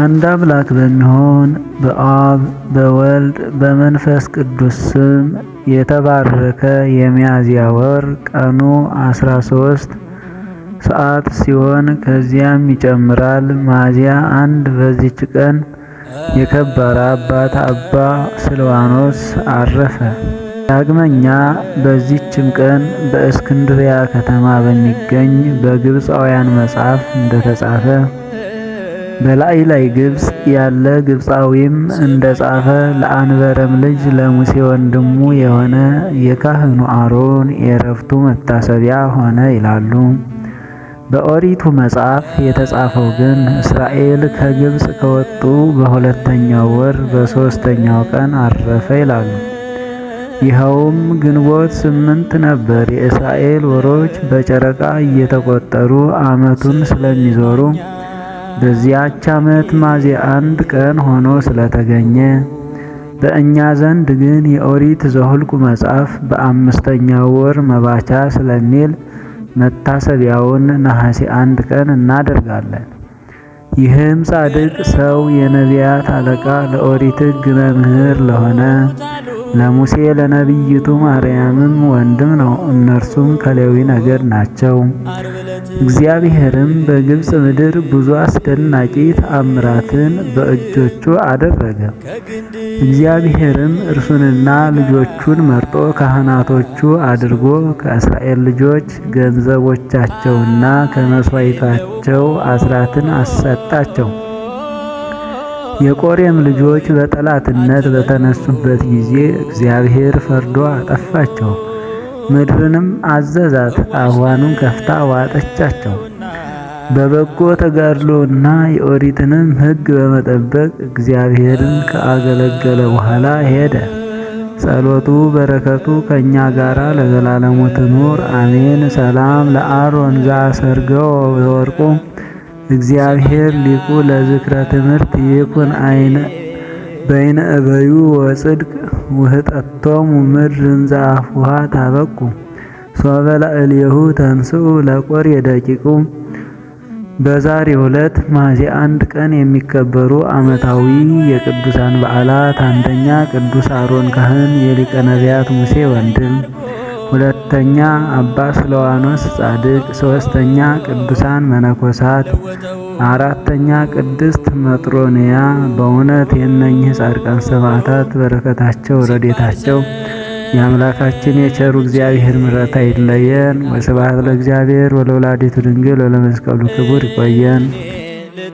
አንድ አምላክ በሚሆን በአብ በወልድ በመንፈስ ቅዱስ ስም የተባረከ የሚያዝያ ወር ቀኑ 13 ሰዓት ሲሆን ከዚያም ይጨምራል። ሚያዝያ አንድ በዚች ቀን የከበረ አባት አባ ስልዋኖስ አረፈ። ዳግመኛ በዚችም ቀን በእስክንድሪያ ከተማ በሚገኝ በግብፃውያን መጽሐፍ እንደተጻፈ በላይ ላይ ግብጽ ያለ ግብጻዊም እንደ ጻፈ ለአንበረም ልጅ ለሙሴ ወንድሙ የሆነ የካህኑ አሮን የረፍቱ መታሰቢያ ሆነ ይላሉ። በኦሪቱ መጽሐፍ የተጻፈው ግን እስራኤል ከግብጽ ከወጡ በሁለተኛው ወር በሦስተኛው ቀን አረፈ ይላሉ። ይኸውም ግንቦት ስምንት ነበር። የእስራኤል ወሮች በጨረቃ እየተቆጠሩ ዓመቱን ስለሚዞሩ በዚያች ዓመት ሚያዝያ አንድ ቀን ሆኖ ስለተገኘ በእኛ ዘንድ ግን የኦሪት ዘኍልቍ መጽሐፍ በአምስተኛው ወር መባቻ ስለሚል መታሰቢያውን ነሐሴ አንድ ቀን እናደርጋለን። ይህም ጻድቅ ሰው የነቢያት አለቃ ለኦሪት ሕግ መምህር ለሆነ ለሙሴ ለነቢይቱ ማርያምም ወንድም ነው። እነርሱም ከሌዊ ነገድ ናቸው። እግዚአብሔርም በግብፅ ምድር ብዙ አስደናቂ ተአምራትን በእጆቹ አደረገ። እግዚአብሔርም እርሱንና ልጆቹን መርጦ ካህናቶቹ አድርጎ ከእስራኤል ልጆች ገንዘቦቻቸውና ከመስዋዕታቸው አስራትን አሰጣቸው። የቆሬም ልጆች በጠላትነት በተነሱበት ጊዜ እግዚአብሔር ፈርዶ አጠፋቸው። ምድርንም አዘዛት፣ አዋኑን ከፍታ ዋጠቻቸው። በበጎ ተጋድሎና የኦሪትንም ሕግ በመጠበቅ እግዚአብሔርን ከአገለገለ በኋላ ሄደ። ጸሎቱ በረከቱ ከእኛ ጋር ለዘላለሙ ትኑር አሜን። ሰላም ለአሮን ሰርገው በወርቁ እግዚአብሔር ሊቁ ለዝክረ ትምህርት ይቁን አይነ በይነ እበዩ ወጽድቅ ውህጠቶም ምድር እንዘ አፍውሃ ታበቁ ሶበ ለእልየሁ ተንስኡ ለቆር የደቂቁ በዛሬ ዕለት ሚያዝያ አንድ ቀን የሚከበሩ ዓመታዊ የቅዱሳን በዓላት፣ አንደኛ ቅዱስ አሮን ካህን የሊቀ ነቢያት ሙሴ ወንድም ሁለተኛ አባ ስለዋኖስ ጻድቅ፣ ሶስተኛ ቅዱሳን መነኮሳት፣ አራተኛ ቅድስት መጥሮንያ። በእውነት የነኝህ ጻድቃን ሰማዕታት በረከታቸው ረዴታቸው የአምላካችን የቸሩ እግዚአብሔር ምሕረት አይለየን። ወስብሐት ለእግዚአብሔር ወለወላዲቱ ድንግል ወለመስቀሉ ክቡር። ይቆየን።